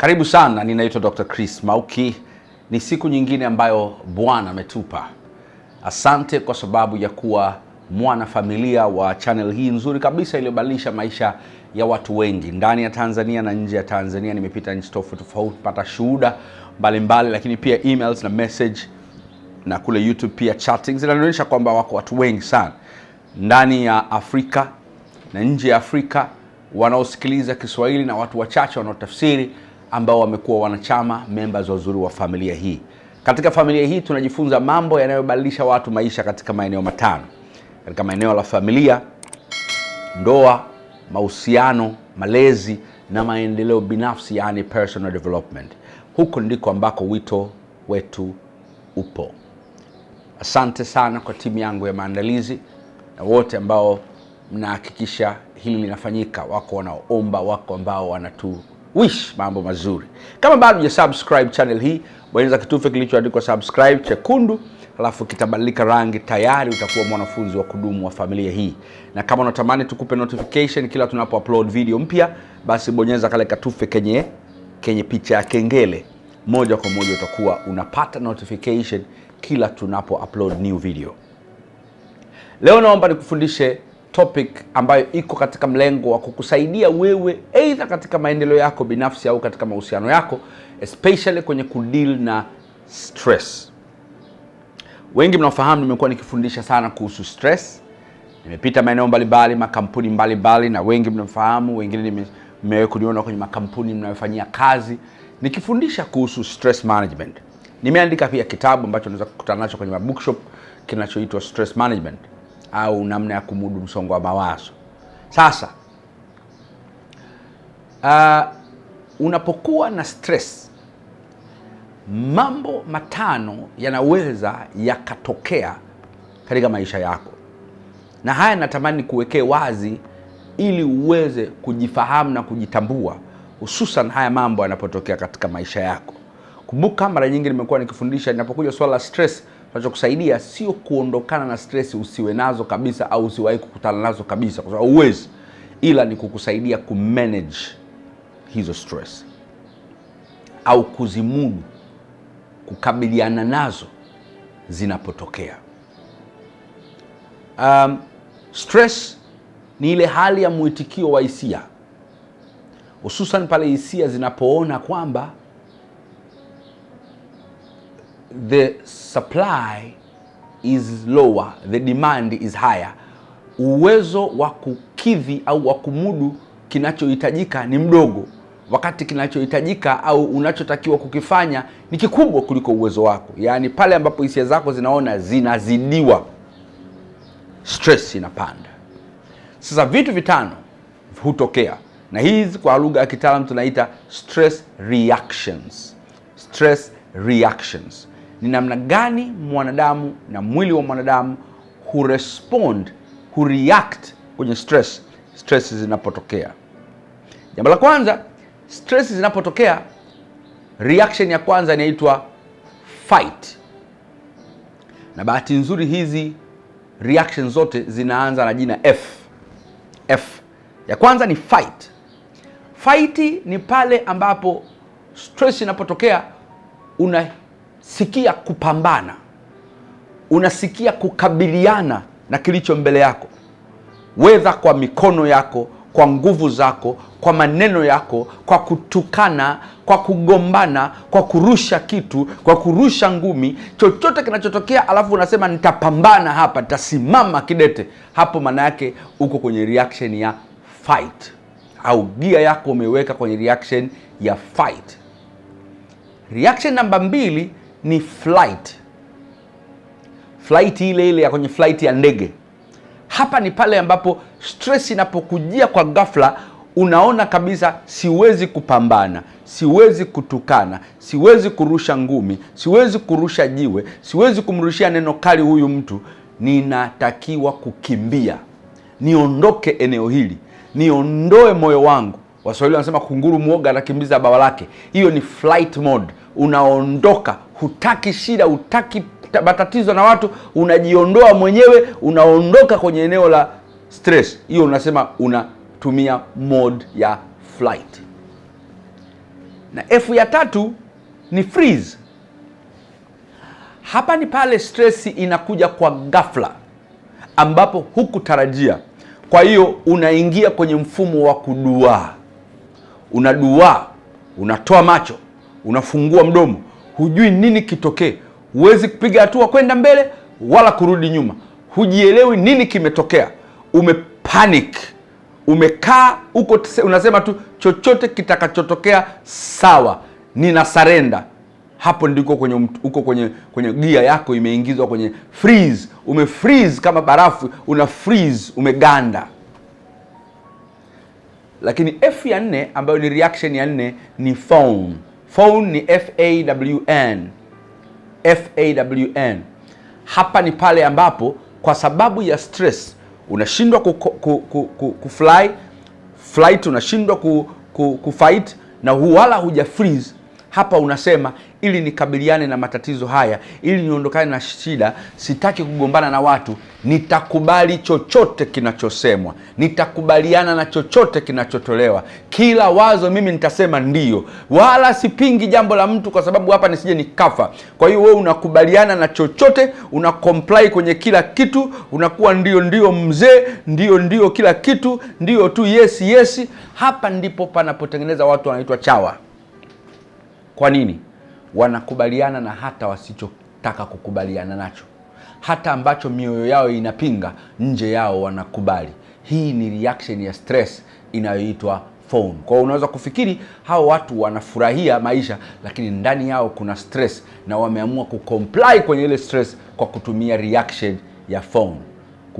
Karibu sana, ninaitwa Dr. Chris Mauki. Ni siku nyingine ambayo Bwana ametupa. Asante kwa sababu ya kuwa mwanafamilia wa channel hii nzuri kabisa iliyobadilisha maisha ya watu wengi ndani ya Tanzania na nje ya Tanzania. Nimepita nchi tofauti tofauti, pata shuhuda mbalimbali, lakini pia emails na message na kule YouTube pia chatting zinaonyesha kwamba wako watu wengi sana ndani ya Afrika na nje ya Afrika wanaosikiliza Kiswahili na watu wachache wanaotafsiri ambao wamekuwa wanachama members wazuri wa familia hii. Katika familia hii tunajifunza mambo yanayobadilisha watu maisha katika maeneo matano, katika maeneo la familia, ndoa, mahusiano, malezi na maendeleo binafsi, yani personal development. Huko ndiko ambako wito wetu upo. Asante sana kwa timu yangu ya maandalizi na wote ambao mnahakikisha hili linafanyika. Wako wanaoomba, wako ambao wanatu wish mambo mazuri. Kama bado hujasubscribe channel hii, bonyeza kitufe kilichoandikwa subscribe chekundu, alafu kitabadilika rangi, tayari utakuwa mwanafunzi wa kudumu wa familia hii. Na kama unatamani tukupe notification kila tunapo upload video mpya, basi bonyeza kale katufe kenye kenye picha ya kengele, moja kwa moja utakuwa unapata notification kila tunapo upload new video. Leo naomba nikufundishe topic ambayo iko katika mlengo wa kukusaidia wewe aidha katika maendeleo yako binafsi au katika mahusiano yako especially kwenye kudeal na stress. Wengi mnaofahamu nimekuwa nikifundisha sana kuhusu stress. Nimepita maeneo mbalimbali, makampuni mbalimbali mbali, na wengi mnafahamu, wengine nimewahi kuniona kwenye makampuni mnayofanyia kazi nikifundisha kuhusu stress management. Nimeandika pia kitabu ambacho unaweza kukutana nacho kwenye mabookshop kinachoitwa Stress Management au namna ya kumudu msongo wa mawazo. Sasa uh, unapokuwa na stress, mambo matano yanaweza yakatokea katika maisha yako, na haya natamani kuwekee wazi ili uweze kujifahamu na kujitambua, hususan haya mambo yanapotokea katika maisha yako. Kumbuka mara nyingi nimekuwa nikifundisha, ninapokuja swala la stress, tunachokusaidia sio kuondokana na stress, usiwe nazo kabisa au usiwahi kukutana nazo kabisa, kwa sababu uwezi ila ni kukusaidia kumanage hizo stress au kuzimudu, kukabiliana nazo zinapotokea. Um, stress ni ile hali ya mwitikio wa hisia, hususan pale hisia zinapoona kwamba the supply is lower, the demand is higher. Uwezo wa kukidhi au wa kumudu kinachohitajika ni mdogo, wakati kinachohitajika au unachotakiwa kukifanya ni kikubwa kuliko uwezo wako. Yaani pale ambapo hisia zako zinaona zinazidiwa, stress inapanda. Sasa vitu vitano hutokea, na hizi kwa lugha ya kitaalamu tunaita stress reactions. Stress reactions ni namna gani mwanadamu na mwili wa mwanadamu hurespond, hureact kwenye stress, stress zinapotokea. Jambo la kwanza, stress zinapotokea, reaction ya kwanza inaitwa fight, na bahati nzuri hizi reaction zote zinaanza na jina F. F ya kwanza ni fight. Fight ni pale ambapo stress inapotokea una unasikia kupambana, unasikia kukabiliana na kilicho mbele yako, wedha kwa mikono yako, kwa nguvu zako, kwa maneno yako, kwa kutukana, kwa kugombana, kwa kurusha kitu, kwa kurusha ngumi, chochote kinachotokea, alafu unasema nitapambana hapa, nitasimama kidete hapo. Maana yake uko kwenye reaction ya fight, au gia yako umeweka kwenye reaction ya fight. Reaction namba mbili ni flight, flight ile ile ya kwenye flight ya ndege. Hapa ni pale ambapo stress inapokujia kwa ghafla, unaona kabisa siwezi kupambana, siwezi kutukana, siwezi kurusha ngumi, siwezi kurusha jiwe, siwezi kumrushia neno kali huyu mtu. Ninatakiwa kukimbia, niondoke eneo hili, niondoe moyo wangu. Waswahili wanasema kunguru mwoga anakimbiza bawa lake. Hiyo ni flight mode, unaondoka hutaki shida, hutaki matatizo na watu, unajiondoa mwenyewe, unaondoka kwenye eneo la stress. Hiyo unasema unatumia mode ya flight. Na F ya tatu ni freeze. Hapa ni pale stress inakuja kwa ghafla ambapo hukutarajia. Kwa hiyo unaingia kwenye mfumo wa kuduaa, unaduaa, unatoa macho, unafungua mdomo hujui nini kitokee, huwezi kupiga hatua kwenda mbele wala kurudi nyuma, hujielewi nini kimetokea, umepanic, umekaa huko, unasema tu chochote kitakachotokea sawa, nina sarenda. Hapo ndiko kwenye uko kwenye kwenye gia yako imeingizwa kwenye freeze, umefriz kama barafu, una freeze, umeganda. Lakini F ya nne ambayo ni reaction ya nne ni foam phone ni FAWN. FAWN hapa ni pale ambapo kwa sababu ya stress unashindwa ku, ku, ku, ku, ku fly, flight unashindwa ku, ku, ku fight na wala huja freeze hapa unasema ili nikabiliane na matatizo haya, ili niondokane na shida, sitaki kugombana na watu, nitakubali chochote kinachosemwa, nitakubaliana na chochote kinachotolewa. Kila wazo mimi nitasema ndio wala sipingi jambo la mtu, kwa sababu hapa nisije nikafa. Kwa hiyo wewe unakubaliana na chochote, una comply kwenye kila kitu, unakuwa ndio ndio, mzee ndio ndio, kila kitu ndio tu, yes yes. Hapa ndipo panapotengeneza watu wanaitwa chawa. Kwa nini? Wanakubaliana na hata wasichotaka kukubaliana nacho, hata ambacho mioyo yao inapinga, nje yao wanakubali. Hii ni reaction ya stress inayoitwa FOMO. Kwa hiyo unaweza kufikiri hao watu wanafurahia maisha, lakini ndani yao kuna stress na wameamua kucomply kwenye ile stress kwa kutumia reaction ya FOMO.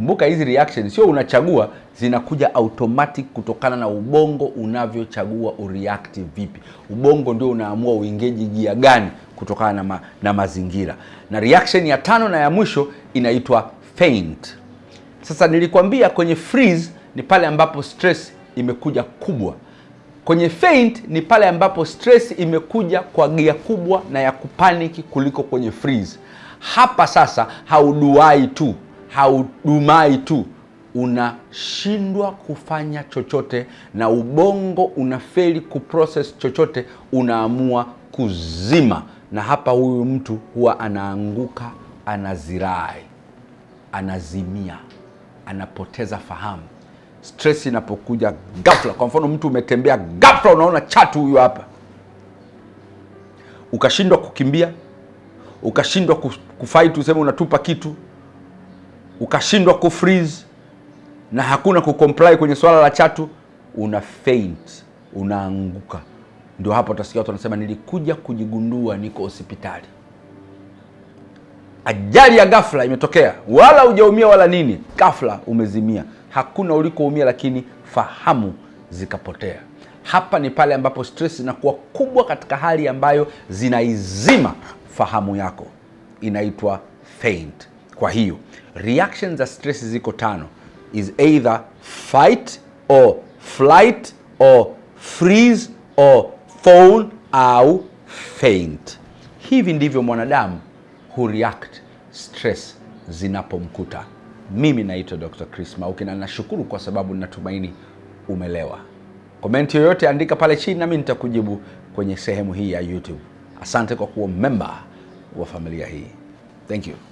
Kumbuka hizi reaction sio unachagua, zinakuja automatic kutokana na ubongo unavyochagua ureact vipi. Ubongo ndio unaamua uingeji gia gani kutokana na, ma, na mazingira. Na reaction ya tano na ya mwisho inaitwa faint. Sasa nilikwambia kwenye freeze ni pale ambapo stress imekuja kubwa. Kwenye faint ni pale ambapo stress imekuja kwa gia kubwa na ya kupaniki kuliko kwenye freeze. Hapa sasa hauduai tu haudumai tu, unashindwa kufanya chochote na ubongo unafeli kuprocess chochote, unaamua kuzima. Na hapa huyu mtu huwa anaanguka, anazirai, anazimia, anapoteza fahamu stress inapokuja gafla Kwa mfano, mtu umetembea gafla unaona chatu huyu hapa, ukashindwa kukimbia, ukashindwa kufaitu useme unatupa kitu ukashindwa kufreeze na hakuna kucomply kwenye swala la chatu, una faint, unaanguka. Ndio hapo utasikia watu wanasema nilikuja kujigundua niko hospitali, ajali ya ghafla imetokea, wala hujaumia wala nini, ghafla umezimia, hakuna ulikoumia, lakini fahamu zikapotea. Hapa ni pale ambapo stress inakuwa kubwa katika hali ambayo zinaizima fahamu yako, inaitwa faint. Kwa hiyo reaction za stress ziko tano, is either fight or flight or freeze or fawn au faint. Hivi ndivyo mwanadamu hu react stress zinapomkuta. Mimi naitwa Dr. Chris Mauki na nashukuru kwa sababu natumaini umelewa. Komenti yoyote andika pale chini, nami nitakujibu kwenye sehemu hii ya YouTube. Asante kwa kuwa memba wa familia hii. Thank you.